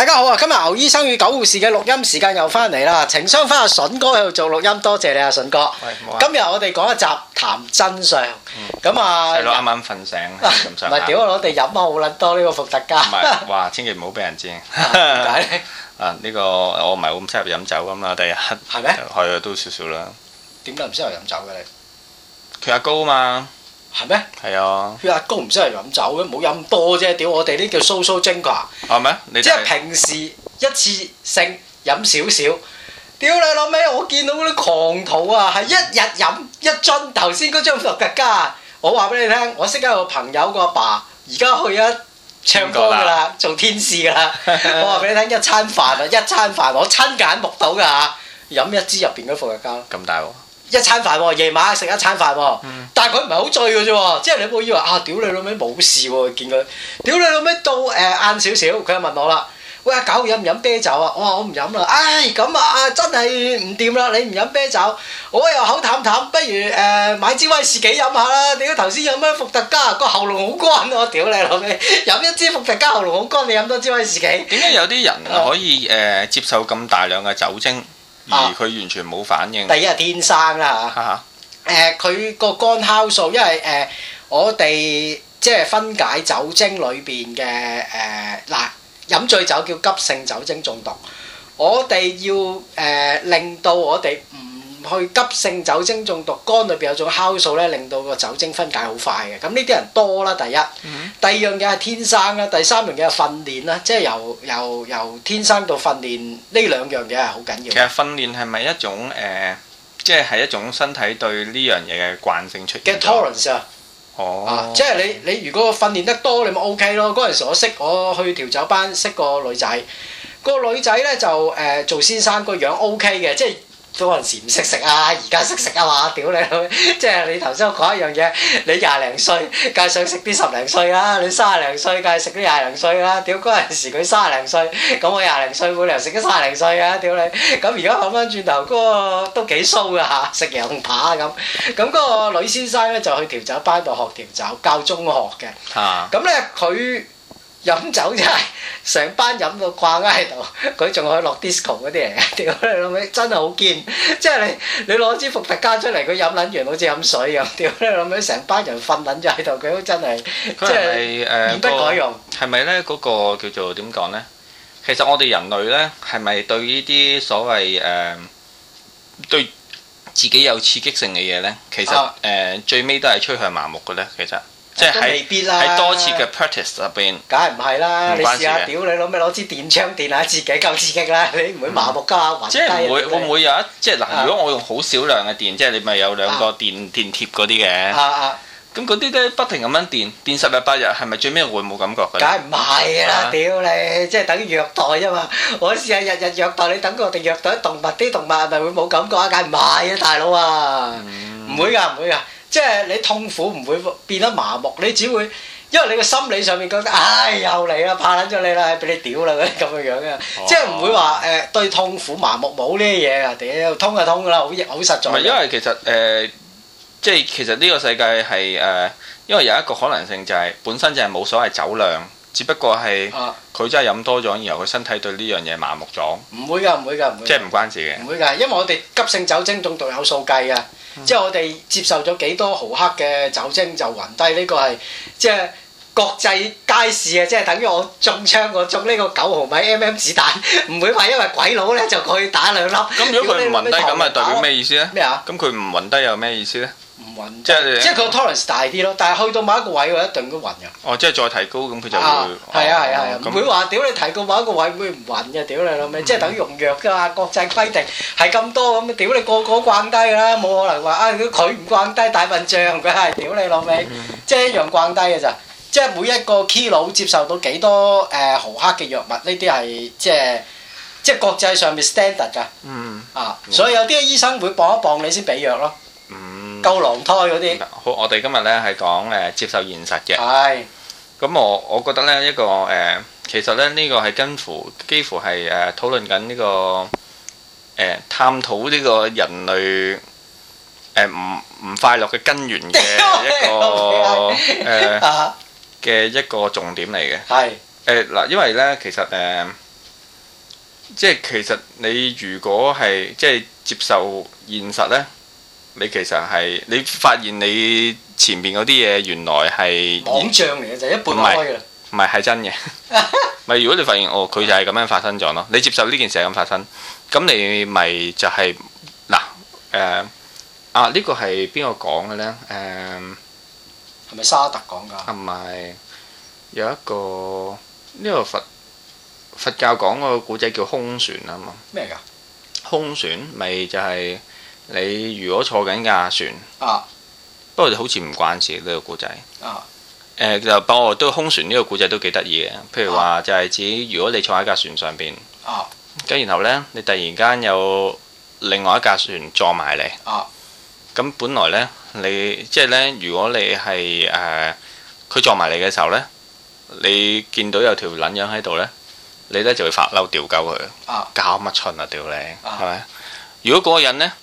大家好啊！今日牛醫生與狗護士嘅錄音時間又翻嚟啦。情商翻阿筍哥喺度做錄音，多謝你啊筍哥。今日我哋講一集談真相。咁、嗯、啊，係咯，啱啱瞓醒，唔係，屌我哋飲啊，好撚多呢個伏特加。唔係，哇，千祈唔好俾人知。但係，呢個我唔係好咁適合飲酒噶嘛，第日係咩？係啊，都少少啦。點解唔適合飲酒嘅你？佢阿高啊嘛。係咩？係嗎啊！佢阿哥唔需要飲酒嘅，冇飲咁多啫。屌，我哋呢叫蘇蘇精華。係、so、咩、啊？你、就是、即係平時一次性飲少少。屌你老味，我見到嗰啲狂徒啊，係一日飲一樽。頭先嗰張伏特加，我話俾你聽，我識一個朋友個阿爸，爸，而家去咗唱歌噶啦，做天使噶啦。 我話俾你聽，一餐飯啊，一餐飯，我親眼目睹噶嚇，飲一支入邊嗰伏特加。咁大鑊！一餐飯喎，夜晚食一餐飯喎，但係佢唔係好醉嘅啫喎，即係你冇以為啊，屌你老味冇事喎，見佢，屌你老味到誒晏少少，佢又問我啦，喂，阿狗，飲唔飲啤酒啊？我話我唔飲啦，唉，咁啊啊，真係唔掂啦，你唔飲啤酒，我又口淡淡，不如誒買支威士忌飲下啦，屌頭先飲咩伏特加，個喉嚨好乾啊，我屌你老味，飲一支伏特加喉嚨好乾，你飲多支威士忌。點解有啲人可以誒接受咁大量嘅酒精？而佢完全冇反應。啊、第一係天生啦、啊、嚇，誒佢個肝酵素，因為誒、呃、我哋即係分解酒精裏邊嘅誒嗱，飲、呃呃、醉酒叫急性酒精中毒，我哋要誒、呃、令到我哋唔。去急性酒精中毒，肝裏邊有種酵素咧，令到個酒精分解好快嘅。咁呢啲人多啦，第一。第二樣嘢係天生啦，第三樣嘢係訓練啦，即係由由由天生到訓練呢兩樣嘢係好緊要。其實訓練係咪一種誒，即係係一種身體對呢樣嘢嘅慣性出現嘅 tolerance 啊？哦，即係你你如果訓練得多，你咪 OK 咯。嗰陣時我識我去調酒班識個女仔，個女仔咧就誒做先生，個樣 OK 嘅，即係。嗰陣時唔識食啊，而家識食啊嘛，屌你！即係你頭先我講一樣嘢，你廿零歲，梗係想食啲十零歲啦；你三廿零歲，梗係食啲廿零歲啦。屌嗰陣時佢三廿零歲，咁我廿零歲，冇理由食啲三廿零歲啊！屌你，咁而家諗翻轉頭，嗰、那個都幾騷噶嚇，食羊扒咁。咁嗰、那個女先生呢，就去調酒班度學調酒，教中學嘅。嚇、啊！咁呢佢。飲酒真係成班飲到掛喺度，佢仲可以落 disco 嗰啲人，屌你老味，真係好堅！即係你你攞支伏特加出嚟，佢飲撚完好似飲水咁，屌你老味，成班人瞓撚咗喺度，佢都真係即係變不改用。係咪咧？嗰、那個叫做點講咧？其實我哋人類咧，係咪對呢啲所謂誒、呃、對自己有刺激性嘅嘢咧？其實誒最尾都係趨向麻木嘅咧。其實。啊呃即係喺多次嘅 practice 入邊，梗係唔係啦？你試下屌你攞咩攞支電槍電下自己夠刺激啦！你唔會麻木加暈即係唔會，我唔會有一即係嗱。如果我用好少量嘅電，即係你咪有兩個電電貼嗰啲嘅。咁嗰啲咧不停咁樣電，電十日八日，係咪最尾會冇感覺嘅？梗係唔係啦？屌你！即係等於虐待啫嘛！我試下日日虐待你，等我哋虐待動物啲動物，係咪會冇感覺啊？梗係唔係啊，大佬啊！唔會㗎，唔會㗎。即係你痛苦唔會變得麻木，你只會因為你個心理上面覺得，唉又嚟啦，怕撚咗你啦，俾你屌啦嗰啲咁樣樣嘅，即係唔會話誒對痛苦麻木冇呢啲嘢噶，屌痛就痛啦，好好實在。唔係因為其實誒，即係其實呢個世界係誒，因為有一個可能性就係本身就係冇所謂酒量，只不過係佢真係飲多咗，然後佢身體對呢樣嘢麻木咗。唔會㗎，唔會㗎，唔會。即係唔關事嘅。唔會㗎，因為我哋急性酒精中毒有數計㗎。嗯、即係我哋接受咗幾多毫克嘅酒精就暈低呢個係即係國際街市啊！即係等於我中槍，我中呢個九毫米 MM 子彈，唔會話因為鬼佬呢就過去打兩粒。咁如果佢唔暈低，咁係代表咩意思呢？咩啊？咁佢唔暈低有咩意思呢？唔暈即係即係佢 tolerance 大啲咯，但係去到某一個位喎，一定都暈㗎。哦，即係再提高咁，佢就會係啊係啊，唔會話屌你提高某一個位會唔暈㗎？屌你老味，嗯、即係等於用藥㗎嘛。國際規定係咁多咁，屌你個個慣低㗎啦，冇可能話啊如果佢唔慣低大笨象㗎，屌你老味，即係一樣慣低嘅咋。即係每一個 kilo 接受到幾多誒毫、呃、克嘅藥物呢？啲係即係即係國際上面 standard 㗎。啊，所以有啲醫生會磅一磅你先俾藥咯。鳩囊胎嗰啲，好，我哋今日呢係講誒接受現實嘅，係的，咁我、嗯、我覺得呢一個誒、呃，其實咧呢、這個係跟乎幾乎係誒討論緊呢個誒、呃、探討呢個人類誒唔唔快樂嘅根源嘅一個誒嘅一個重點嚟嘅，係的，誒嗱、嗯，因為呢其實誒、呃、即係其實你如果係即係接受，受現實呢。你其實係你發現你前邊嗰啲嘢原來係妄想嚟嘅，就係一半開嘅啦。唔係係真嘅。咪如果你發現哦，佢就係咁樣發生咗咯。你接受呢件事係咁發生，咁你咪就係嗱誒啊？呢個係邊個講嘅咧？誒係咪沙特講㗎？係咪有一個呢個佛佛教講個古仔叫空船啊嘛。咩㗎？空船咪就係。你如果坐緊架船啊，不過就好似唔關事呢個故仔啊。誒、呃，就不過都空船呢個故仔都幾得意嘅。譬如話，就係指如果你坐喺架船上邊啊，咁然後咧，你突然間有另外一架船撞埋嚟啊。咁本來咧，你即係咧，如果你係誒佢撞埋嚟嘅時候咧，你見到有條撚樣喺度咧，你咧就會發嬲掉鳩佢啊。搞乜春啊，掉你係咪？如果嗰個人咧～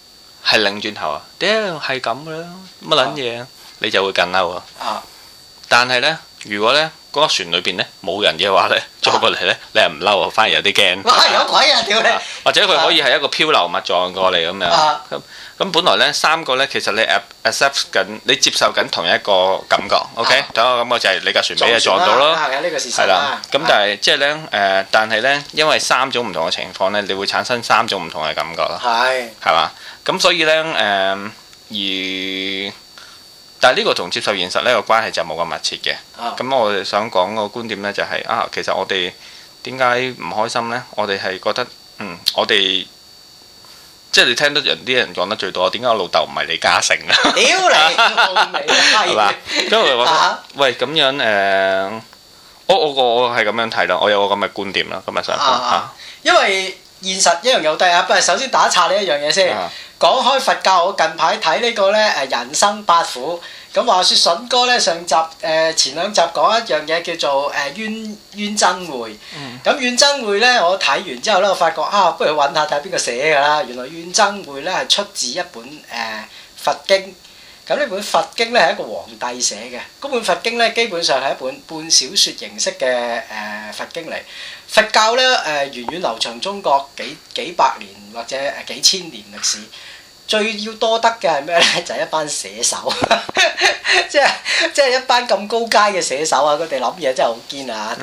係擰轉頭啊！屌，係咁嘅啦，乜撚嘢？你就會更嬲啊！但係呢，如果呢嗰個船裏邊呢冇人嘅話呢，再過嚟呢你又唔嬲啊？反而有啲驚。哇！有鬼啊！屌你！或者佢可以係一個漂流物撞過嚟咁樣。咁本來呢三個呢，其實你 accept 緊，你接受緊同一個感覺，OK？同一個感覺就係你架船尾俾撞到咯，係啦。咁但係即係呢誒，但係呢，因為三種唔同嘅情況呢，你會產生三種唔同嘅感覺咯，係，係嘛？咁所以呢誒，而但係呢個同接受現實呢個關係就冇咁密切嘅。咁我哋想講個觀點呢，就係啊，其實我哋點解唔開心呢？我哋係覺得嗯，我哋。即係你聽得人啲人講得最多，點解我老豆唔係李嘉誠啊？屌你，係咪啊？咁喂，咁樣誒、呃，我我我我係咁樣睇啦，我有個咁嘅觀點啦，今日想講吓。 因為現實一樣有低啊，不過首先打岔呢一樣嘢先。講開佛教，我近排睇呢個咧誒人生八苦。咁話説筍哥咧，上集誒前兩集講一樣嘢叫做誒冤冤憎會。咁、嗯、冤憎會咧，我睇完之後咧，我發覺啊，不如去揾下睇下邊個寫㗎啦。原來冤憎會咧係出自一本誒、呃、佛經。咁呢本佛經咧係一個皇帝寫嘅。嗰本佛經咧基本上係一本半小説形式嘅誒、呃、佛經嚟。佛教咧誒源遠流長，中國幾幾百年或者誒幾千年歷史。最要多得嘅係咩咧？就係、是、一班寫手，即係即係一班咁高階嘅寫手啊！佢哋諗嘢真係好堅啊！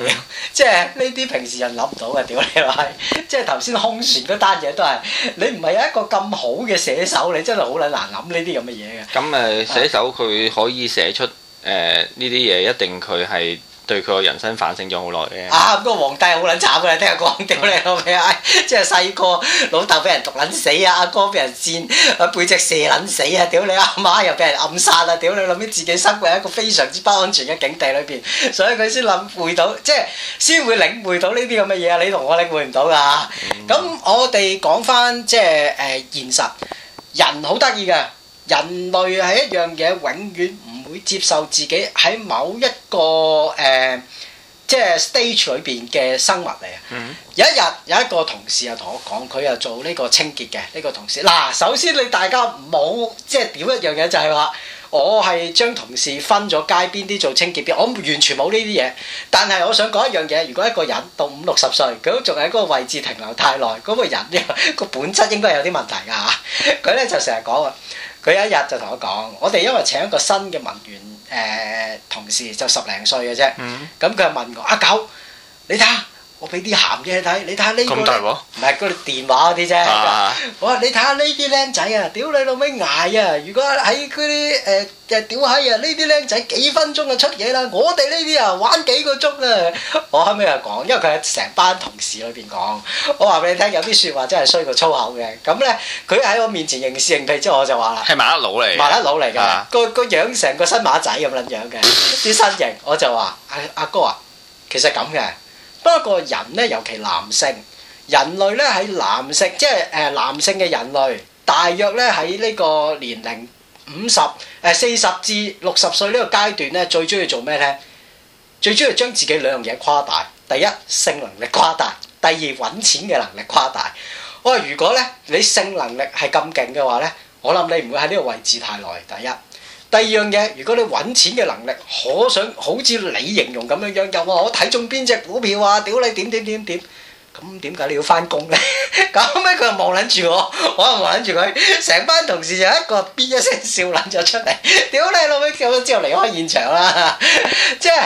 即係呢啲平時人諗唔到嘅，屌你話！即係頭先空船嗰單嘢都係，你唔係有一個咁好嘅寫手，你真係好撚難諗呢啲咁嘅嘢嘅。咁誒，寫手佢可以寫出呢啲嘢，一定佢係。對佢個人生反省咗好耐嘅。啊，嗰個皇帝好撚慘嘅，聽日講屌你老味啊！即係細個老豆俾人毒撚死啊，阿哥俾人箭啊背脊射撚死啊，屌你阿媽又俾人暗殺啦，屌你諗起自己生活喺一個非常之不安全嘅境地裏邊，所以佢先諗會到，即係先會領會到呢啲咁嘅嘢啊！你同我領會唔到㗎。咁我哋講翻即係誒現實，人好得意嘅，人類係一樣嘢，永遠。接受自己喺某一個誒、呃，即係 stage 裏邊嘅生物嚟啊！Mm hmm. 有一日有一個同事啊，同我講，佢又做呢個清潔嘅呢、這個同事。嗱，首先你大家冇即係屌一樣嘢，就係、是、話我係將同事分咗街邊啲做清潔啲，我完全冇呢啲嘢。但係我想講一樣嘢，如果一個人到五六十歲，佢都仲喺嗰個位置停留太耐，嗰、那個人個 本質應該係有啲問題㗎嚇。佢 咧就成日講啊～佢有一日就同我講，我哋因為請一個新嘅文員，誒、呃、同事就十零歲嘅啫，咁佢、mm hmm. 嗯、問我：阿、啊、狗，你睇下。我俾啲鹹嘢你睇，你睇下呢個唔係嗰啲電話嗰啲啫。我話你睇下呢啲靚仔啊，屌你老味捱啊！如果喺嗰啲誒誒屌閪啊，呢啲靚仔幾分鐘就出嘢啦。我哋呢啲啊玩幾個鐘啊！我後尾又講，因為佢喺成班同事裏邊講，我話俾你聽，有啲説話真係衰過粗口嘅。咁呢，佢喺我面前認事認屁之後，我就話啦。係麻甩佬嚟，麻甩佬嚟㗎。個個樣成個新馬仔咁撚樣嘅啲身形，我就話阿阿哥啊，其實咁嘅。不過人咧，尤其男性，人類咧喺男性，即係誒男性嘅人類，大約咧喺呢個年齡五十誒四十至六十歲呢個階段咧，最中意做咩咧？最中意將自己兩樣嘢誇大，第一性能力誇大，第二揾錢嘅能力誇大。我話如果咧你性能力係咁勁嘅話咧，我諗你唔會喺呢個位置太耐。第一。第二樣嘢，如果你揾錢嘅能力，可想好似你形容咁樣樣，又話我睇中邊隻股票啊，屌你點點點點，咁點解你要翻工呢？咁後尾佢又望撚住我，我又望撚住佢，成班同事就一個咇一聲笑撚咗出嚟，屌你老味，之後離開現場啦， 即係。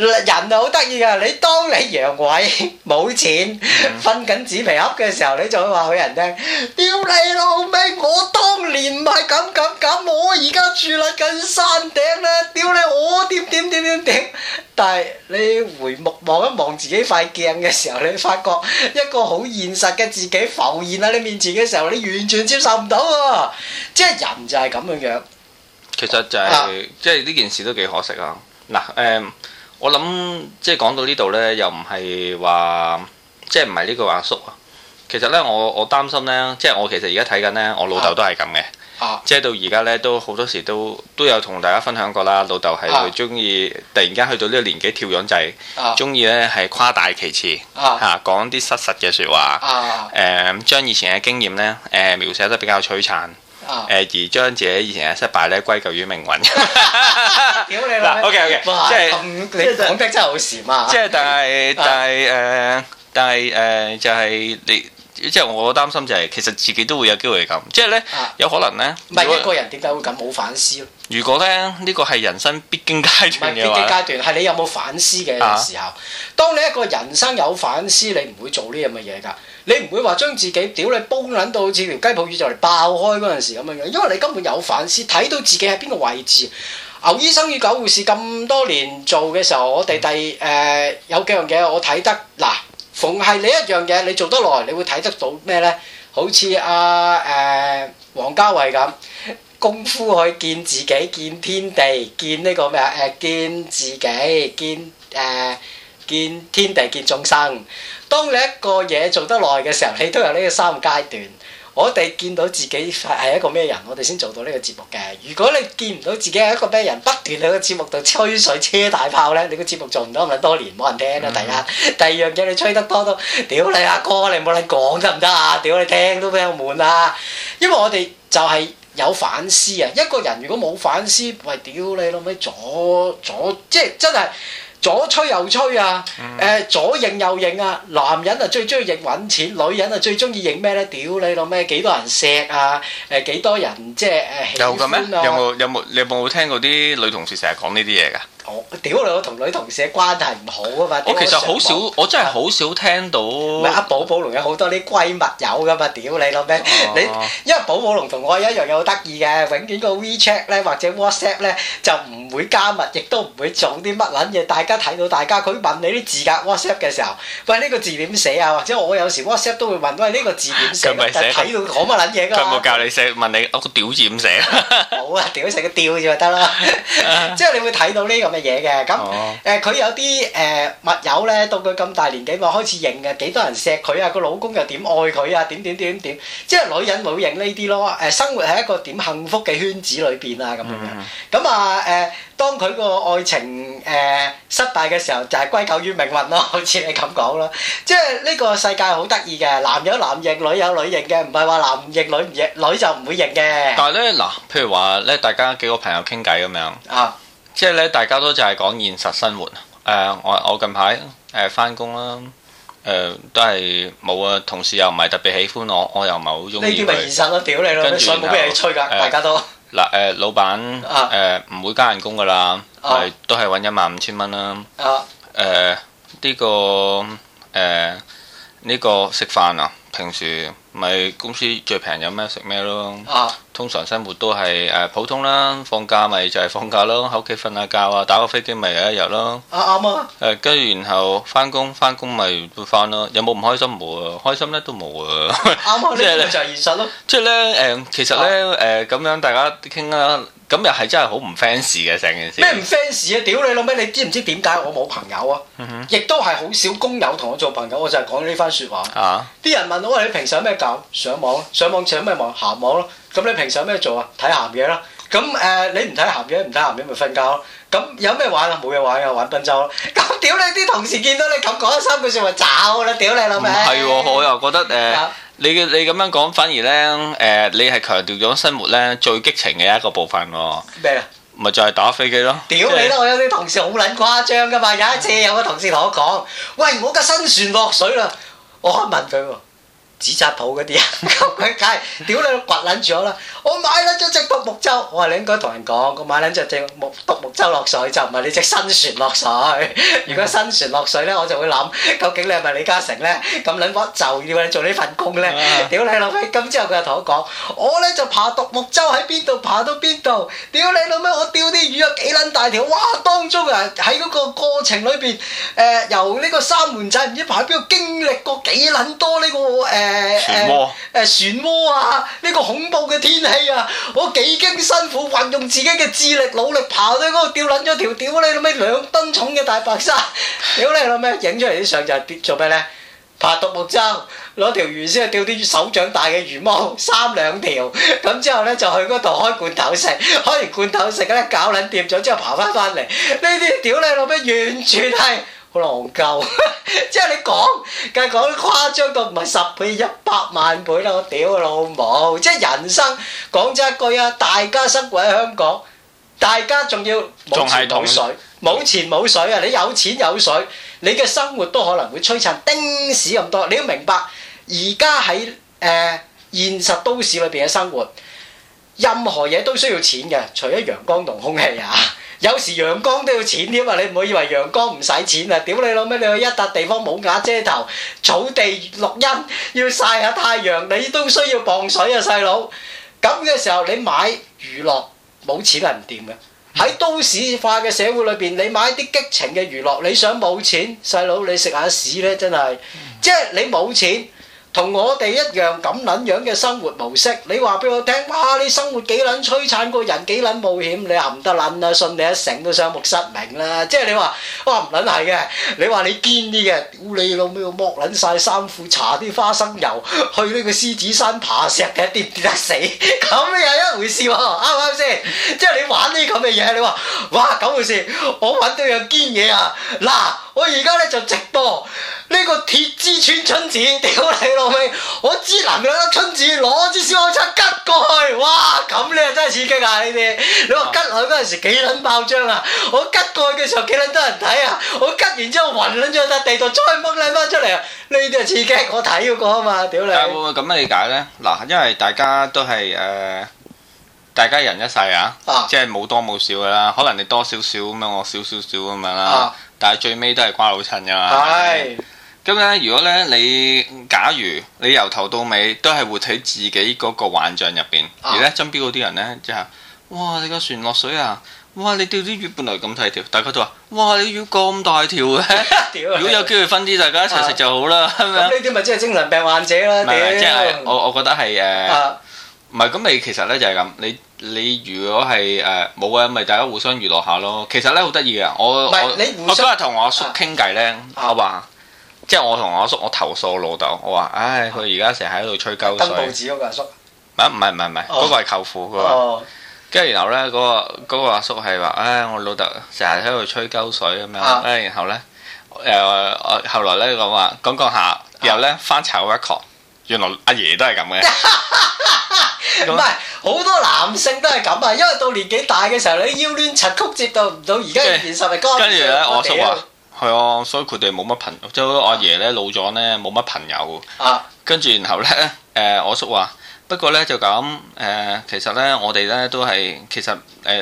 人就好得意噶！你當你陽痿冇錢、嗯、瞓緊紙皮盒嘅時候，你就會話畀人聽。屌你老味！我當年唔係咁咁咁，我而家住啦近山頂啦。屌你我點點點點點！但係你回目望一望自己塊鏡嘅時候，你發覺一個好現實嘅自己浮現喺你面前嘅時候，你完全接受唔到喎。即係人就係咁樣樣。其實就係、是啊、即係呢件事都幾可惜啊！嗱誒。嗯我諗即係講到呢度呢，又唔係話即係唔係呢句話阿叔啊。其實呢，我我擔心呢，即係我其實而家睇緊呢，我老豆都係咁嘅，啊啊、即係到而家呢，都好多時都都有同大家分享過啦。老豆係會中意、啊、突然間去到呢個年紀跳樣仔，中意、啊、呢係誇大其詞吓，講啲、啊、失實嘅說話，誒、啊，將、嗯、以前嘅經驗呢、呃、描寫得比較璀璨。誒而將自己以前嘅失敗咧歸咎於命運、嗯。屌你話，OK OK，即係、嗯、你講得真係好似啊！即係但係、呃、但係誒但係誒就係、是、你即係、就是、我擔心就係、是、其實自己都會有機會咁，即係咧、啊、有可能咧。唔係、嗯、一個人點解會咁冇反思咯？如果咧呢個係人生必經階段嘅話，必經階段係你有冇反思嘅時候？啊、當你一個人生有反思，你唔會做呢樣嘅嘢㗎。你唔會話將自己屌你煲撚到好似條雞泡魚就嚟爆開嗰陣時咁樣嘅，因為你根本有反思，睇到自己喺邊個位置。牛醫生與狗護士咁多年做嘅時候，我哋第誒有幾樣嘢我睇得嗱，逢係你一樣嘢你做得耐，你會睇得到咩咧？好似阿誒黃家衞王家衛咁，功夫可以見自己、見天地、見呢個咩啊？誒、呃、見自己、見誒、呃、見天地、見眾生。當你一個嘢做得耐嘅時候，你都有呢個三個階段。我哋見到自己係一個咩人，我哋先做到呢個節目嘅。如果你見唔到自己係一個咩人，不斷喺個節目度吹水車大炮呢，你個節目做唔到咪多年冇人聽啦。第二，第二樣嘢你吹得多都，屌你阿哥，你冇得講得唔得啊？屌你聽都比較悶啦。因為我哋就係有反思啊。一個人如果冇反思，喂，屌你老味，左左即係真係。左吹右吹啊，誒、嗯、左認右認啊，男人啊最中意認揾錢，女人啊最中意認咩咧？屌你老咩？幾多人錫啊？誒，幾多人即係誒喜歡啊？有嘅咩？有冇，有冇你有冇聽過啲女同事成日講呢啲嘢㗎？我屌你，我同女同事嘅關係唔好啊嘛！我,我其實好少，我真係好少聽到。阿、嗯、寶寶龍有好多啲閨蜜友噶嘛？屌你老味！啊、你因為寶寶龍同我一樣又好得意嘅，永遠個 WeChat 呢或者 WhatsApp 呢，就唔會加密，亦都唔會做啲乜撚嘢，大家睇到大家。佢問你啲字格 WhatsApp 嘅時候，喂呢、這個字點寫啊？或者我有時 WhatsApp 都會問，喂呢、這個字點寫、啊？咁咪寫睇到講乜撚嘢㗎佢咁佢冇教你寫，問你個屌字點寫？冇啊，屌成、嗯、個吊字咪得啦。即係 你會睇到呢咁嘅。嘢嘅咁，誒佢有啲誒密友咧，到佢咁大年紀，咪開始認嘅幾多人錫佢啊？個老公又點愛佢啊？點點點點點，即係女人會認呢啲咯。誒，生活喺一個點幸福嘅圈子裏邊啊，咁樣咁啊誒，當佢個愛情誒失敗嘅時候，就係歸咎於命運咯。好似你咁講咯，即係呢個世界好得意嘅，男有男認，女有女認嘅，唔係話男唔認女唔認，女就唔會認嘅。但係咧嗱，譬如話咧，大家幾個朋友傾偈咁樣啊。即係咧，大家都就係講現實生活。誒、呃，我我近排誒翻工啦，誒、呃呃、都係冇啊。同事又唔係特別喜歡我，我又唔係好中意呢啲咪現實都屌你咯，啲水冇俾你吹噶，大家都嗱誒、呃呃，老闆誒唔會加人工噶啦，係、啊、都係搵一萬五千蚊啦。誒呢、啊呃呢個誒呢、呃呢個呃呢個食飯啊。平時咪公司最平飲咩食咩咯，啊、通常生活都係誒、呃、普通啦。放假咪就係放假咯，喺屋企瞓下覺啊，打個飛機咪有一日咯、啊。啊啱啊！誒跟住然後翻工翻工咪會翻咯。有冇唔開心冇啊？開心咧都冇啊！啱啊！即係 就係、是啊、現實咯。即係咧誒，其實咧誒咁樣大家傾啦。咁又係真係好唔 fans 嘅成件事。咩唔 fans 啊？屌你老味！你知唔知點解我冇朋友啊？嗯、哼 亦都係好少工友同我做朋友。我就係講呢番説話。啲、啊、人問我：你平時有咩搞？上網咯，上網上咩網？鹹網咯。咁你平時有咩做啊？睇鹹嘢咯。咁誒、呃，你唔睇鹹嘢，唔睇鹹嘢咪瞓覺咯。咁有咩玩啊？冇嘢玩啊？玩賓州咯。咁屌你啲同事見到你咁講咗三句嘅説話，走啦！屌你老味。唔係喎，我又覺得誒。呃呃你嘅你咁樣講，反而呢誒，你係強調咗生活呢最激情嘅一個部分喎。咩啊？咪就係打飛機咯！屌你啦！我有啲同事好撚誇張㗎嘛，有一次有個同事同我講：喂，我架新船落水啦！我可以問佢喎。紙紮鋪嗰啲人，咁佢梗係屌你，刮撚住我啦！我買咗一隻獨木舟，我話你應該同人講，我買咗隻隻木獨木舟落水，就唔係你隻新船落水。如果新船落水咧，我就會諗，究竟你係咪李嘉誠咧？咁撚波就要你做呢份工咧？屌你老味！咁之後佢又同我講，我咧就爬獨木舟喺邊度爬到邊度？屌你老味！我釣啲魚啊幾撚大條？哇當中啊喺嗰個過程裏邊，誒由呢個三門仔唔知排喺邊度，經歷過幾撚多呢個誒。誒誒誒漩渦啊！呢、啊啊這個恐怖嘅天氣啊！我幾經辛苦運用自己嘅智力努力爬到嗰度吊撚咗條，屌你老味兩噸重嘅大白鯊，屌你老味影出嚟啲相就係、是、做咩呢？爬獨木舟攞條魚先去吊啲手掌大嘅魚網三兩條，咁之後呢，就去嗰度開罐頭食，開完罐頭食呢搞撚掂咗之後爬翻翻嚟，呢啲屌你老味完全係～浪夠，即係你講，梗係講誇張到唔係十倍、一百萬倍啦！我屌你老母，即係人生講真一句啊，大家生活喺香港，大家仲要冇錢冇水，冇錢冇水啊！嗯、你有錢有水，你嘅生活都可能會璀璨，丁屎咁多。你要明白，而家喺誒現實都市裏邊嘅生活，任何嘢都需要錢嘅，除咗陽光同空氣啊。有時陽光都要錢添啊！你唔好以為陽光唔使錢啊！屌你老味，你去一笪地方冇瓦遮頭，草地綠蔭要曬下太陽，你都需要磅水啊！細佬，咁嘅時候你買娛樂冇錢係唔掂嘅。喺都市化嘅社會裏邊，你買啲激情嘅娛樂，你想冇錢，細佬你食下屎呢？真係，嗯、即係你冇錢。同我哋一樣咁撚樣嘅生活模式，你話俾我聽，哇！你生活幾撚摧殘，個人幾撚冒險，你唔得撚啦，信你一成都雙目失明啦。即係你話，哇，唔撚係嘅，你話你堅啲嘅，屌你老母剝撚晒衫褲，搽啲花生油去呢個獅子山爬石嘅，跌唔跌得死，咁 又一回事喎、啊，啱唔啱先？ 即係你玩呢啲咁嘅嘢，你話，哇，咁回事，我搵到有堅嘢啊，嗱。我而家咧就直播呢個鐵之犬春，春子，屌你老味！我知男量得春子攞支小愛車吉過去，哇！咁咧真係刺激啊！呢啲你話吉落去嗰陣時幾撚爆張啊！我吉過去嘅時候幾撚多人睇啊！我吉完之後暈撚咗笪地度，再掹兩返出嚟啊！呢啲啊刺激！我睇過啊嘛，屌你！咁樣理解呢？嗱，因為大家都係誒、呃，大家人一世啊，啊即係冇多冇少噶啦。可能你多少少咁樣，我少少少咁樣啦。啊但係最尾都係瓜老襯噶嘛，咁咧對如果咧你，你假如你由頭到尾都係活喺自己嗰個幻象入邊，啊、而咧身邊嗰啲人咧就，哇你個船落水啊，哇你釣啲魚本來咁細條，大家都話，哇你魚咁大條嘅？對對對 如果有機會分啲大家一齊食就好啦，呢啲咪即係精神病患者囉，即係我我，我覺得係誒。Uh, 啊唔係咁你其實咧就係咁，你你如果係誒冇嘅，咪、呃、大家互相娛樂下咯。其實咧好得意嘅，我不我日同胡我阿叔傾偈咧，啊啊、我話即係我同我阿叔，叔我投訴我老豆，我話唉佢而家成日喺度吹鳩水。登報紙嗰個阿叔？唔係唔係唔係，嗰、哦、個係舅父。佢話，跟住、哦、然後咧嗰、嗰個阿、嗰個、叔係話唉我老豆成日喺度吹鳩水咁樣，唉、啊、然後咧誒我後來咧我話講講下，然後咧翻查 record 原來阿爺都係咁嘅。 唔係好多男性都係咁啊，因為到年紀大嘅時候，你腰彎彎曲接到唔到，而家、欸、現實係乾。跟住咧，嗯、我叔話：係啊、嗯哦，所以佢哋冇乜朋友，即係我阿爺咧老咗咧冇乜朋友。啊！啊跟住然後咧，誒、呃、我叔話：不過咧就咁誒、呃，其實咧我哋咧都係其實誒、呃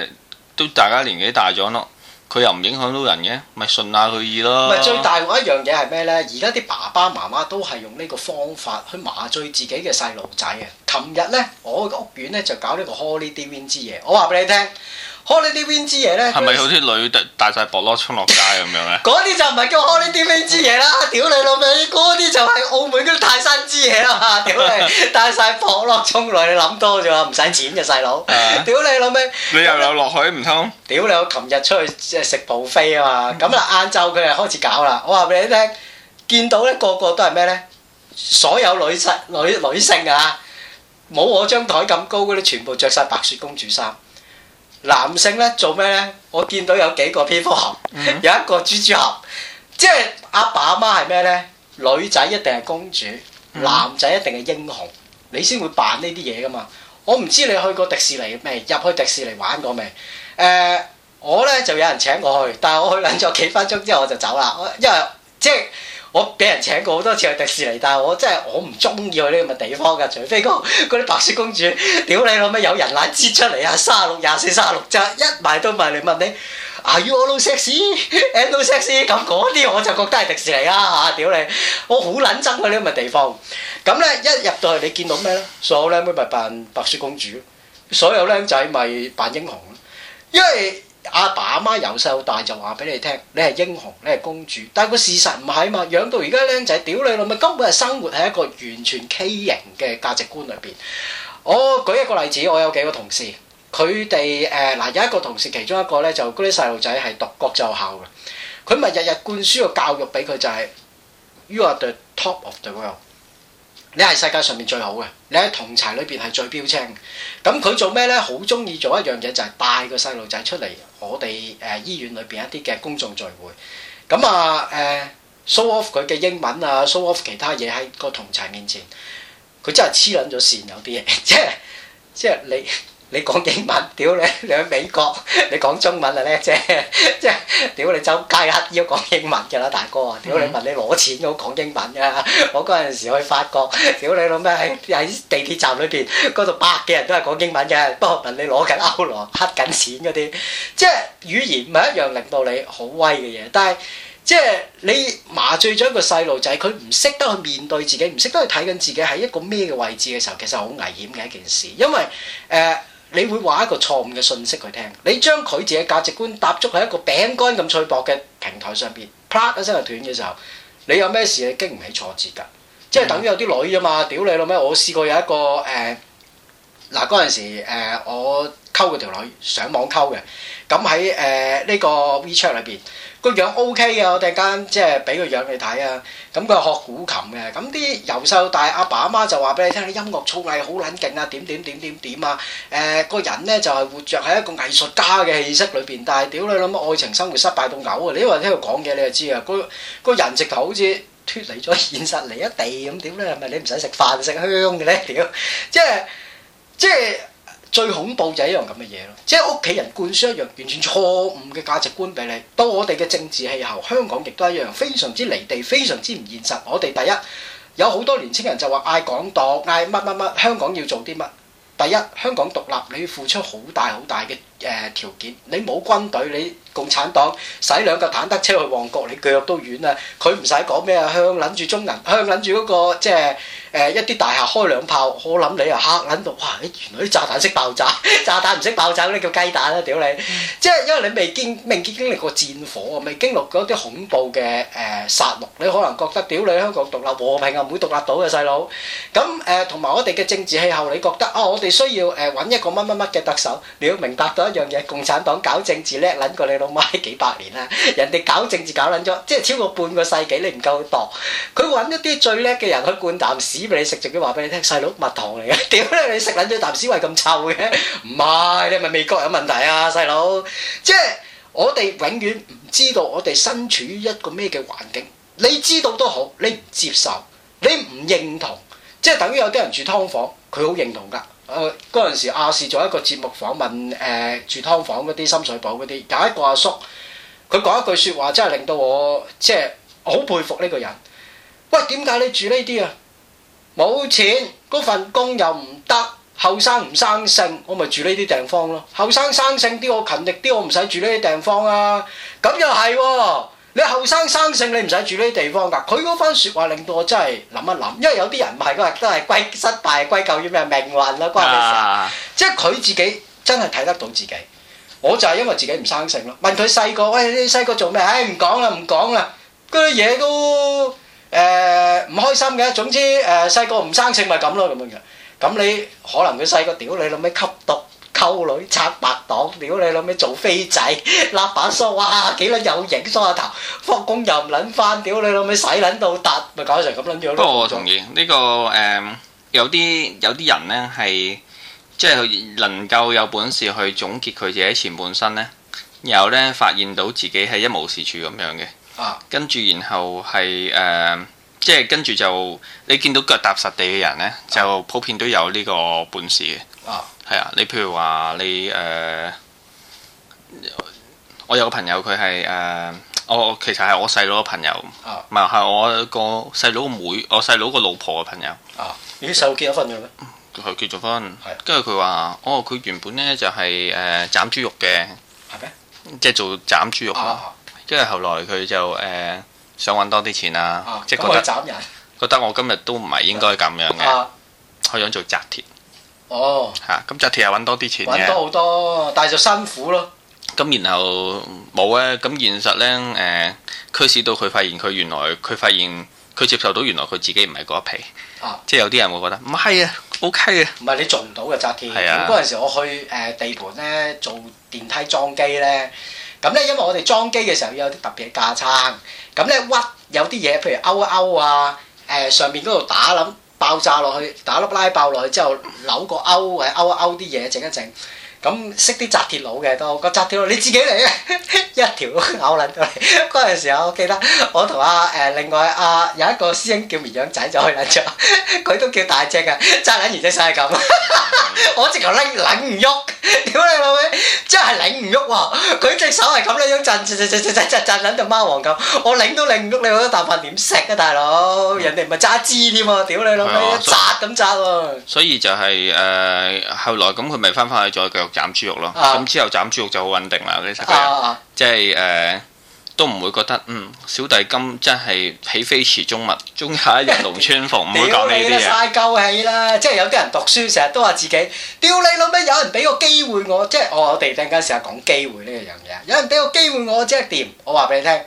都，呃、都大家年紀大咗咯。佢又唔影響到人嘅，咪順下佢意咯。唔係最大嗰一樣嘢係咩咧？而家啲爸爸媽媽都係用呢個方法去麻醉自己嘅細路仔啊！琴日咧，我個屋苑咧就搞呢個 Halloween 之夜，我話俾你聽。Holliday 開呢啲邊枝嘢咧？係咪好似女帶晒曬薄落衝落街咁樣咧？嗰啲就唔係叫 Holliday 開呢啲邊枝嘢啦！屌你老味，嗰啲就係澳門嗰啲泰山枝嘢啦！屌你，帶晒薄落衝落你諗多咗，唔使錢嘅細佬！屌你老味，你又有落海唔通？屌你！我琴日出去即係食 buffet 啊嘛，咁啊晏晝佢哋開始搞啦。我話俾你聽，見到咧個個都係咩咧？所有女實女女性啊，冇我張台咁高嗰啲，全部着晒白雪公主衫。男性咧做咩咧？我見到有幾個蝙蝠俠，mm hmm. 有一個蜘蛛俠，即係阿爸阿媽係咩咧？女仔一定係公主，mm hmm. 男仔一定係英雄，你先會扮呢啲嘢㗎嘛？我唔知你去過迪士尼未？入去迪士尼玩過未？誒、呃，我咧就有人請我去，但係我去忍咗幾分鐘之後我就走啦，因為即係。我俾人請過好多次去迪士尼，但係我真係我唔中意去呢咁嘅地方㗎，除非嗰啲白雪公主，屌你老味，有人攬枝出嚟啊，卅六廿四卅六咋，一埋都埋嚟問你，啊要我老 sex，and 老 sex，咁嗰啲我就覺得係迪士尼啦嚇，屌你，我好撚憎去呢咁嘅地方。咁呢，一入到去你見到咩咧？所有僆妹咪扮白雪公主，所有僆仔咪扮英雄咯，耶、yeah!！阿爸阿媽由細到大就話俾你聽，你係英雄，你係公主。但係個事實唔係啊嘛，養到而家靚仔屌你老味，咪根本係生活喺一個完全畸形嘅價值觀裏邊。我舉一個例子，我有幾個同事，佢哋誒嗱有一個同事，其中一個咧就嗰啲細路仔係讀國際學校嘅，佢咪日日灌輸個教育俾佢就係、是、，you are the top of the world。你係世界上面最好嘅，你喺同齊裏邊係最標青。咁佢做咩咧？好中意做一樣嘢，就係、是、帶個細路仔出嚟，我哋誒醫院裏邊一啲嘅公眾聚會。咁啊誒、呃、，show off 佢嘅英文啊，show off 其他嘢喺個同齊面前，佢真係黐撚咗線，有啲嘢，即係即係你。你講英文，屌你！你去美國，你講中文啦咧，即係即係，屌你周街乞要講英文嘅啦，大哥啊！屌你問你攞錢都講英文嘅，我嗰陣時去法國，屌你老咩喺喺地鐵站裏邊，嗰度百幾人都係講英文嘅，不過問你攞緊歐羅，黑緊錢嗰啲，即係語言唔係一樣令到你好威嘅嘢，但係即係你麻醉咗一個細路仔，佢唔識得去面對自己，唔識得去睇緊自己喺一個咩嘅位置嘅時候，其實好危險嘅一件事，因為誒。你會話一個錯誤嘅信息佢聽，你將佢自己價值觀踏足喺一個餅乾咁脆薄嘅平台上邊，啪一聲就斷嘅時候，你有咩事你經唔起挫折㗎？即係等於有啲女啊嘛，屌你老咩！我試過有一個誒。呃嗱嗰陣時、呃，我溝嗰條女上網溝嘅，咁喺誒呢個 WeChat 裏邊個樣 OK 嘅，我突然間即係俾個樣你睇啊，咁、嗯、佢學古琴嘅，咁啲由細到大阿爸阿媽、媽就話俾你聽，音樂造詣好撚勁啊，點點點點點、點、點啊，誒、呃、個人咧就係、是、活着喺一個藝術家嘅氣息裏邊，但係屌、呃、你諗乜愛情生活失敗到嘔、呃、啊！你因為聽佢講嘢，你就知啊，個人直頭好似脱離咗現實嚟一地咁，屌咧係咪你唔使食飯食香嘅咧？屌即係～、就是即係最恐怖就係一樣咁嘅嘢咯，即係屋企人灌輸一樣完全錯誤嘅價值觀俾你。到我哋嘅政治氣候，香港亦都係一樣非常之離地、非常之唔現實。我哋第一有好多年青人就話嗌港獨、嗌乜乜乜，香港要做啲乜？第一香港獨立，你要付出好大好大嘅。誒條件，你冇軍隊，你共產黨使兩架坦克車去旺角，你腳都軟啦。佢唔使講咩啊，向撚住中銀，向撚住嗰個即係誒一啲大廈開兩炮，我諗你又嚇撚到，哇！原來啲炸彈識爆炸，炸彈唔識爆炸嗰啲叫雞蛋啦，屌你！即係因為你未經未經經歷過戰火，未經歷過嗰啲恐怖嘅誒殺戮，你可能覺得屌你香港獨立和平啊，唔會獨立到嘅細佬。咁誒同埋我哋嘅政治氣候，你覺得啊，我哋需要誒揾一個乜乜乜嘅特首？你要明白得。一樣嘢，共產黨搞政治叻撚過你老媽幾百年啦！人哋搞政治搞撚咗，即係超過半個世紀，你唔夠度。佢揾一啲最叻嘅人去灌啖屎俾你食，仲要話俾你聽：細佬，蜜糖嚟嘅。屌你食撚咗啖屎，為咁臭嘅？唔係，你係咪美國有問題啊，細佬？即係我哋永遠唔知道我哋身處於一個咩嘅環境。你知道都好，你唔接受，你唔認同，即係等於有啲人住劏房，佢好認同㗎。誒，嗰陣時亞視做一個節目訪問，誒、呃、住劏房嗰啲深水埗嗰啲有一個阿叔，佢講一句説話真係令到我即係好佩服呢個人。喂，點解你住呢啲啊？冇錢，嗰份工又唔得，後生唔生性，我咪住呢啲地方咯。後生生性啲，我勤力啲，我唔使住呢啲地方啊。咁又係喎。你後生生性，你唔使住呢啲地方㗎。佢嗰番説話令到我真係諗一諗，因為有啲人唔係，都係歸失敗、歸咎於咩命運啦，關你事。即係佢自己真係睇得到自己，我就係因為自己唔生性咯。問佢細個，喂，你細個做咩？唉，唔講啦，唔講啦，嗰啲嘢都誒唔開心嘅。總之誒，細個唔生性咪咁咯，咁樣嘅。咁你可能佢細個屌你老味吸毒。溝女拆白黨，屌你老味做飛仔，立把梳，哇幾撚有型梳下頭，放工又唔撚返，屌你老味洗撚到達，咪搞成咁撚樣咯。不過我同意呢個誒，有啲有啲人咧係即係佢能夠有本事去總結佢自己前半生咧，然後咧發現到自己係一無是處咁樣嘅。啊，跟住然後係誒，即係跟住就你見到腳踏實地嘅人咧，就普遍都有呢個本事嘅。啊。係啊，你譬如話你誒、呃，我有個朋友佢係誒，我其實係我細佬嘅朋友，唔係係我個細佬個妹，我細佬個老婆嘅朋友。啊，你啲細佬結咗婚未咩？佢結咗婚，跟住佢話：哦，佢原本咧就係誒斬豬肉嘅，係咩？即係做斬豬肉跟住、啊、後來佢就誒、呃、想揾多啲錢啊，即係覺得斬人，覺得我今日都唔係應該咁樣嘅，佢想做扎鐵。啊。哦，嚇、啊！咁紮鐵又揾多啲錢，揾多好多，但係就辛苦咯。咁然後冇咧，咁、啊、現實咧，誒、呃，驅使到佢發現佢原來佢發現佢接受到原來佢自己唔係嗰一皮。啊、即係有啲人會覺得唔係啊，OK 嘅，唔係你做唔到嘅紮鐵。係啊，嗰陣時我去誒、呃、地盤咧做電梯裝機咧，咁咧因為我哋裝機嘅時候要有啲特別嘅架撐，咁咧屈有啲嘢，譬如勾一勾啊，誒、呃、上面嗰度打諗。爆炸落去，打粒拉爆落去之後，扭個勾，或者勾一勾啲嘢，整一整。咁識啲紮鐵佬嘅都，個紮鐵佬你自己嚟嘅一條咬捻到嚟，嗰陣時候我記得我同阿誒另外阿有一個師兄叫綿羊仔，就去捻咗，佢都叫大隻嘅，紮捻完隻手係咁，我直頭拎捻唔喐，屌你老味，真係拎唔喐喎！佢隻手係咁樣樣震震震震震震捻到貓王咁，我拎都拎唔喐，你覺得大笨點食啊，大佬？人哋唔係紮支添喎，屌你老味，紮咁紮喎。所以就係誒後來咁佢咪翻返去左腳。斬豬肉咯，咁、啊、之後斬豬肉就好穩定啦。嗰啲食即係誒，都唔會覺得嗯，小弟今真係起非池中物，仲有一日龍穿鳳，唔會講呢啲嘢。屌你啊，晒夠氣啦！即係有啲人讀書，成日都話自己，屌你老味，有人俾個機會我，即係我我哋聽緊成日講機會呢樣嘢，有人俾個機會我即係掂。我話俾你聽，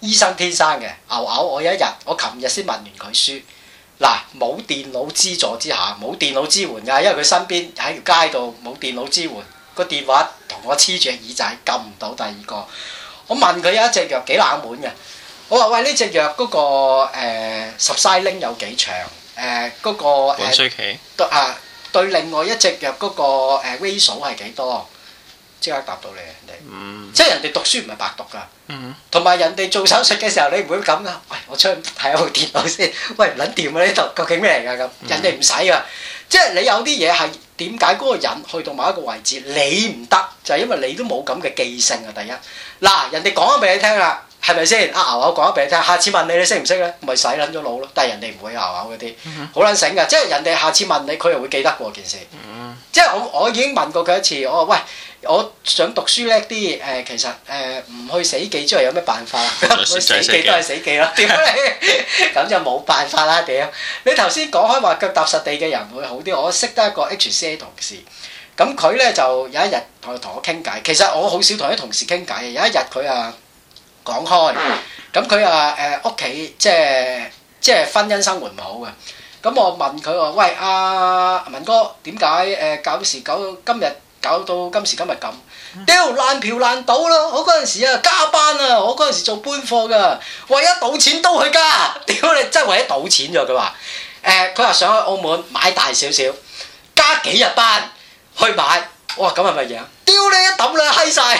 醫生天生嘅，牛牛我一日，我琴日先問完佢書。嗱，冇電腦資助之下，冇電腦支援㗎，因為佢身邊喺條街度冇電腦支援，個電話同我黐住喺耳仔，撳唔到第二個。我問佢有一隻藥幾冷門嘅，我話喂呢隻藥嗰個誒、呃、十塞拎有幾長？誒、呃、嗰、嗰個誒，呃嗯呃、對啊、呃，對另外一隻藥嗰個誒、呃、微數係幾多？即刻答到你，嗯、人哋，即係人哋讀書唔係白讀噶，同埋、嗯、人哋做手術嘅時候你唔會咁㗎。喂、哎，我出去睇下個電腦先，喂唔撚掂啊呢度，究竟咩嚟㗎咁？人哋唔使啊，即係你有啲嘢係點解嗰個人去到某一個位置你唔得，就係、是、因為你都冇咁嘅記性啊！第一，嗱，人哋講咗俾你聽啦。係咪先？阿牛牛講一俾你聽，下次問你你識唔識咧？咪洗撚咗腦咯。但係人哋唔會牛牛嗰啲，好撚醒嘅。即係人哋下次問你，佢又會記得喎件事。Mm hmm. 即係我我已經問過佢一次，我話喂，我想讀書叻啲。誒、呃，其實誒唔、呃、去死記，即係有咩辦法啊？去才 死記都係死記咯。點啊你？咁 就冇辦法啦。屌，你頭先講開話腳踏實地嘅人會好啲。我識得一個 H C A 同事，咁佢咧就有一日同同我傾偈。其實我好少同啲同事傾偈，有一日佢啊。講開，咁佢話誒屋企即係即係婚姻生活唔好嘅，咁我問佢話，喂，阿文哥，點解誒搞時搞到今日搞到今時今日咁？屌爛嫖爛賭咯！我嗰陣時啊加班啊，我嗰陣時做搬貨嘅，為咗賭錢都去加。屌，你真係為咗賭錢咋？佢話誒佢話想去澳門買大少少，加幾日班去買。我話咁係咪贏？屌，你一賭你閪曬！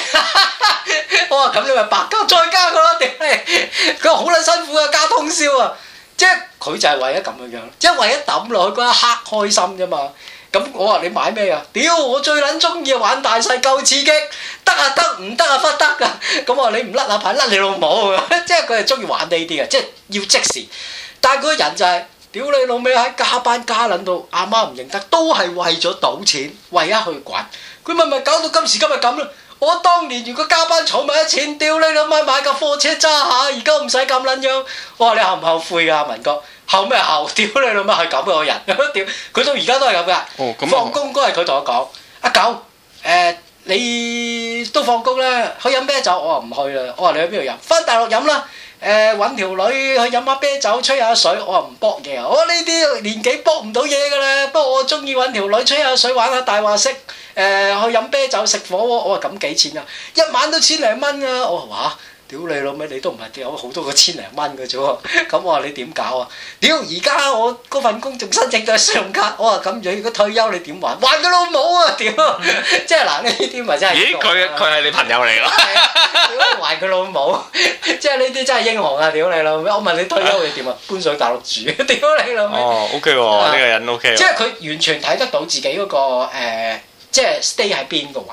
我話咁你咪白交出。佢話好撚辛苦啊，加通宵啊，即係佢就係為咗咁樣樣，即係為咗抌落去嗰一刻開心啫嘛。咁我話你買咩啊？屌，我最撚中意玩大細，夠刺激，得啊得，唔得啊忽得噶。咁我話你唔甩下牌，甩你老母。即係佢係中意玩呢啲嘅，即係要即時。但係佢個人就係、是、屌 你老味，喺加班加撚到，阿媽唔認得，都係為咗賭錢，為咗去滾。佢咪咪搞到今時今日咁啦。我當年如果加班儲埋啲錢，屌你老媽買架貨車揸下，而家唔使咁撚樣。我話你後唔後悔㗎？啊，文哥，後咩後，屌你老媽，係咁嘅人，佢到而家都係咁㗎。放工嗰日佢同我講：阿、啊、狗、呃，你都放工啦，去飲啤酒，我話唔去啦。我話你去邊度飲？翻大陸飲啦。誒揾，呃、條女去飲下啤酒吹下水，我話唔卜嘢。我呢啲年紀卜唔到嘢㗎啦，不過我中意搵條女吹下水玩下大話骰，誒、呃、去飲啤酒食火鍋。我話咁幾錢啊？一晚都千零蚊㗎，我話，嚇！哇屌你老味，你都唔係有好多個千零蚊嘅啫喎，咁我話你點搞啊？屌而家我份工仲申請咗信用卡。我話咁如果退休你點還？還佢老母啊！屌、啊，即係嗱呢啲咪真係。咦？佢佢係你朋友嚟㗎？屌、 嗯，還佢老母！即係呢啲真係英雄啊！屌你老味，我問你退休你點啊？ 搬上大陸住，屌你老味。啊嗯、哦，OK 喎，呢、啊、個人 OK。即係佢完全睇得到自己嗰、那個、呃即係 stay 喺邊個位，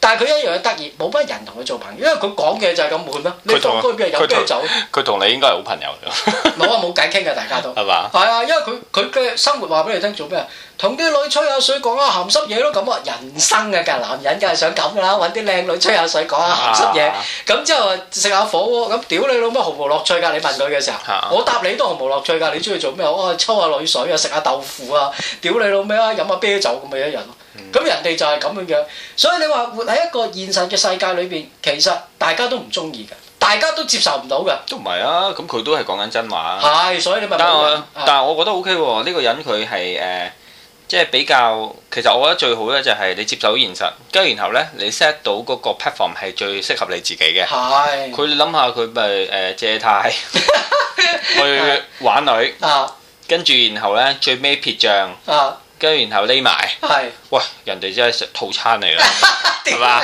但係佢一樣得意，冇乜人同佢做朋友，因為佢講嘅就係咁悶咯。你同佢邊飲啤酒？佢同你應該係好朋友㗎。冇 啊，冇偈傾嘅大家都係嘛？係吧啊，因為佢佢嘅生活話俾你聽做咩啊？同啲女吹下水，講下鹹濕嘢咯，咁啊，人生嘅㗎，男人梗係想咁㗎啦，搵啲靚女吹下水，講下鹹濕嘢，咁之、啊、後食下火鍋，咁、啊、屌你老母，毫無樂趣㗎。你問佢嘅時候，啊、我答你都毫無樂趣㗎。你中意做咩啊？哇，抽下女水啊，食下豆腐啊，屌你老咩啊，飲下啤酒咁咪一樣。啊 assim, işte 咁人哋就係咁樣樣，所以你話活喺一個現實嘅世界裏邊，其實大家都唔中意嘅，大家都接受唔到嘅。都唔係啊，咁佢都係講緊真話啊。係，所以你問我。但係我覺得 OK 喎，呢個人佢係誒，即係比較。其實我覺得最好咧，就係你接受到現實，跟住然後咧，你 set 到嗰個 platform 係最適合你自己嘅。係。佢諗下佢咪誒借貸去玩女啊，跟住然後咧最尾撇帳啊，跟住然後匿埋。係。喂，人哋真係食套餐嚟㗎，係嘛？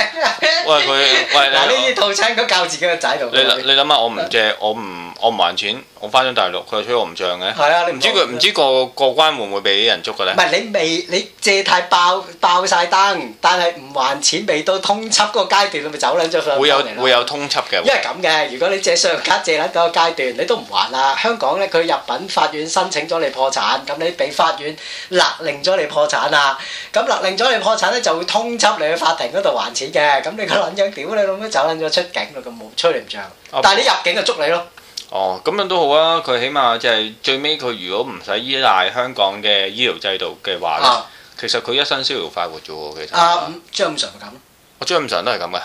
喂佢，嗱，呢啲套餐都教自己個仔讀。你你諗下，我唔借，我唔我唔還錢，我翻咗大陸，佢又催我唔漲嘅。係啊，你唔知佢唔知過過關會唔會俾人捉㗎咧？唔係你未你借貸爆爆曬單，但係唔還錢未到通緝嗰個階段，佢咪走兩張。會有會有通緝嘅。因為咁嘅，如果你借信用卡借喺嗰個階段，你都唔還啦。香港咧，佢入禀法院申請咗你破產，咁你被法院勒令咗你破產啦。咁令咗你破產咧，就會通緝你去法庭嗰度還錢嘅。咁你個撚樣屌你老母走撚咗出境佢咁冇吹你唔脹。但係你入境就捉你咯、啊。哦，咁樣都好啊。佢起碼即、就、係、是、最尾，佢如果唔使依賴香港嘅醫療制度嘅話咧，啊、其實佢一生逍遙快活咗喎。啊、其實、就是、啊，啊，張五常係咁，我張五常都係咁嘅。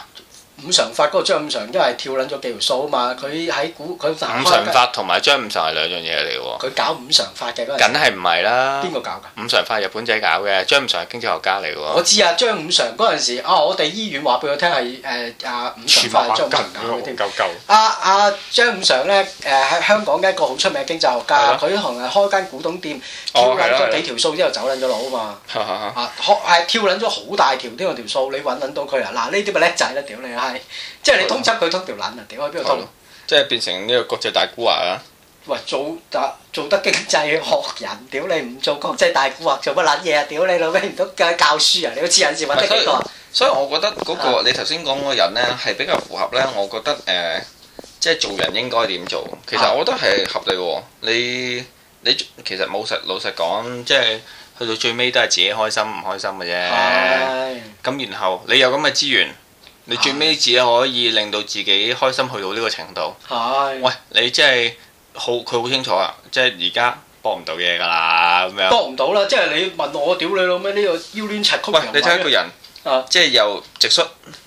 五常法嗰個張五常，都係跳撚咗幾條數啊嘛，佢喺股佢。五常法同埋張五常係兩樣嘢嚟嘅喎。佢搞五常法嘅嗰陣。梗係唔係啦？邊個搞㗎？五常法日本仔搞嘅，張五常係經濟學家嚟嘅喎。我知啊，張五常嗰陣時啊，我哋醫院話俾我聽係誒阿五常法張五常搞嘅阿阿張五常咧誒喺香港嘅一個好出名經濟學家，佢同人開間古董店，跳撚咗幾條數之後走捻咗佬啊嘛。嚇係跳撚咗好大條呢個條數，你揾撚到佢啊？嗱呢啲咪叻仔啦，屌你閪！即係你通緝佢通條捻啊！屌佢邊度通？即係變成呢個國際大孤華啊！喂，做得做得經濟學人，屌你唔做國際大孤華，做乜捻嘢啊？屌你老味唔通教教書啊？你好似有事揾得幾個？所以我覺得嗰個你頭先講個人咧，係比較符合咧。我覺得誒，即係做人應該點做？其實我覺得係合理喎。你你其實冇實老實講，即係去到最尾都係自己開心唔開心嘅啫。咁然後你有咁嘅資源。你最尾只可以令到自己開心去到呢個程度。係的。喂，你即係好，佢好清楚啊！即係而家幫唔到嘢㗎啦，咁樣。幫唔到啦，即係你問我，屌你老味呢個腰攣斜曲，曲。喂，你睇下個人啊，的即係又直率。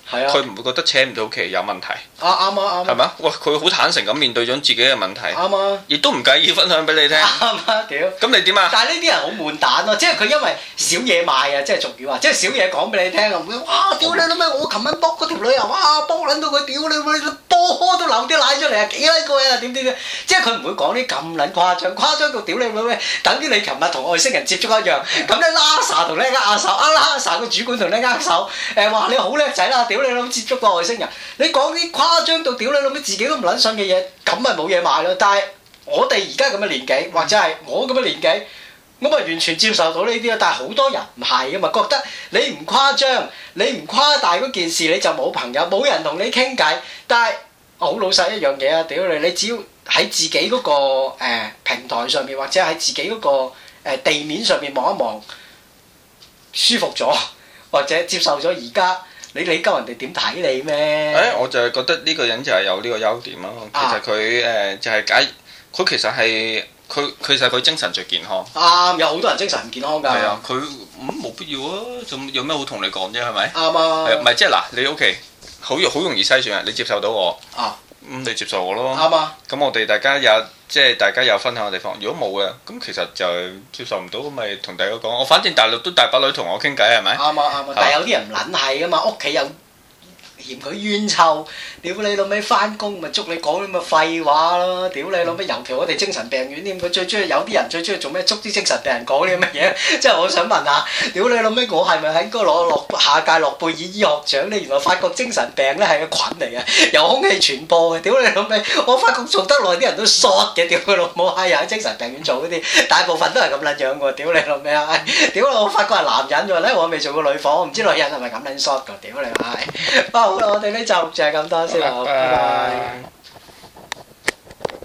係啊，佢唔會覺得扯唔到棋有問題。啱啱啱啱，係咪喂，佢好坦誠咁面對咗自，自己嘅問題。啱啱對。亦都唔介意分享俾你聽。啱啱，屌！咁你點啊？但係呢啲人好悶蛋咯，即係佢因為少嘢賣啊，即係俗語話，即係少嘢講俾你聽啊，唔會哇，屌你老味！我琴晚搏嗰條女啊，搏撚到佢屌你老味，波都流啲奶出嚟啊，幾鬼過癮啊，點點點！即係佢唔會講啲咁撚誇張，誇張到屌你老味，等啲你琴日同外星人接觸一樣 Yeah.、mm。咁咧 cris ped，拉沙同你握手，啊拉沙個主管同你握手，誒話你好叻仔啦，如果你諗接觸個外星人，你講啲誇張到屌你諗，你自己都唔撚信嘅嘢，咁咪冇嘢賣咯。但係我哋而家咁嘅年紀，或者係我咁嘅年紀，咁啊完全接受到呢啲。但係好多人唔係㗎嘛，覺得你唔誇張，你唔誇大嗰件事，你就冇朋友，冇人同你傾偈。但係好老實一樣嘢啊，屌你！你只要喺自己嗰個、呃、平台上面，或者喺自己嗰個、呃、地面上面望一望，舒服咗或者接受咗而家。你你教人哋點睇你咩？誒、哎，我就係覺得呢個人就係有呢個優點咯、啊。其實佢誒、啊呃、就係、是、解，佢其實係佢其實佢精神最健康。啱、啊，有好多人精神唔健康㗎。係啊，佢冇、嗯、必要啊，咁有咩好同你講啫？係咪？啱啊。係啊、唔係、即係嗱？你屋企好容好容易篩選，啊！你接受到我。啊。咁你接受我咯，咁啱啱，我哋大家有即係大家有分享嘅地方，如果冇嘅，咁其實就接受唔到，咁咪同第二個講。我反正大陸都大把女同我傾偈，係咪？啱啊，啱，但係有啲人唔撚係啊嘛，屋企有。嫌佢冤臭，屌你老味翻工，咪捉你講啲咁嘅廢話咯！屌你老味，尤其我哋精神病院啲，佢最中意有啲人最中意做咩？捉啲精神病人講啲咁嘅嘢，即係我想問下，屌你老味，我係咪應該攞落下屆諾貝爾醫學獎咧？原來發覺精神病咧係個菌嚟嘅，由空氣傳播嘅。屌你老味，我發覺做得耐啲人都 short 嘅，屌佢老母閪！又喺精神病院做嗰啲，大部分都係咁撚樣喎，屌你老味呀！屌我發覺係男人㗎咧，我未做過女房，我唔知女人係咪咁撚 short 㗎，屌你閪！哎。好啦，我哋呢集就係咁多先啦，拜拜。